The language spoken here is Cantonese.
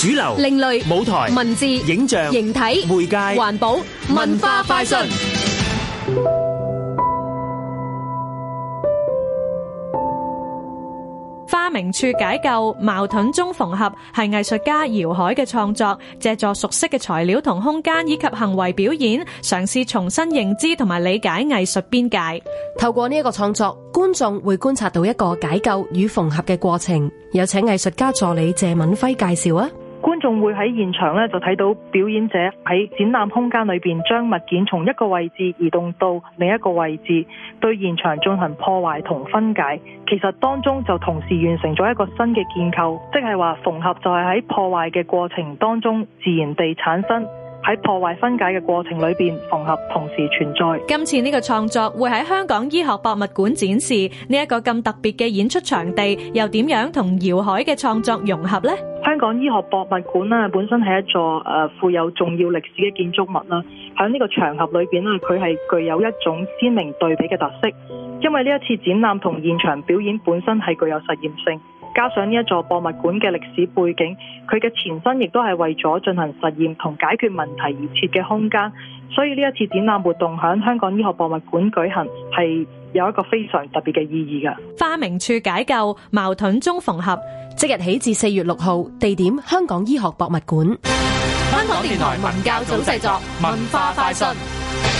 主流、另類舞台、文字、影像、形體、媒介、環保、文化快訊。花明處解救矛盾中縫合係藝術家姚海嘅創作，借助熟悉嘅材料同空間以及行為表演，嘗試重新認知同埋理解藝術邊界。透過呢一個創作，觀眾會觀察到一個解救與縫合嘅過程。有請藝術家助理謝敏輝介紹啊！仲會喺現場咧，就睇到表演者喺展覽空間裏面，將物件從一個位置移動到另一個位置，對現場進行破壞同分解。其實當中就同時完成咗一個新嘅建構，即係話縫合就係喺破壞嘅過程當中自然地產生。喺破壞分解嘅過程裏邊，縫合同時存在。今次呢個創作會喺香港醫學博物館展示，呢、這、一個咁特別嘅演出場地，又點樣同姚海嘅創作融合呢？香港醫學博物館啊，本身係一座誒、呃、富有重要歷史嘅建築物啦。喺呢個場合裏邊咧，佢係具有一種鮮明對比嘅特色，因為呢一次展覽同現場表演本身係具有實驗性。加上呢一座博物館嘅歷史背景，佢嘅前身亦都係為咗進行實驗同解決問題而設嘅空間，所以呢一次展覽活動響香港醫學博物館舉行係有一個非常特別嘅意義嘅。化名處解構矛盾中縫合，即日起至四月六號，地點香港醫學博物館。香港電台文教組製作文化快訊。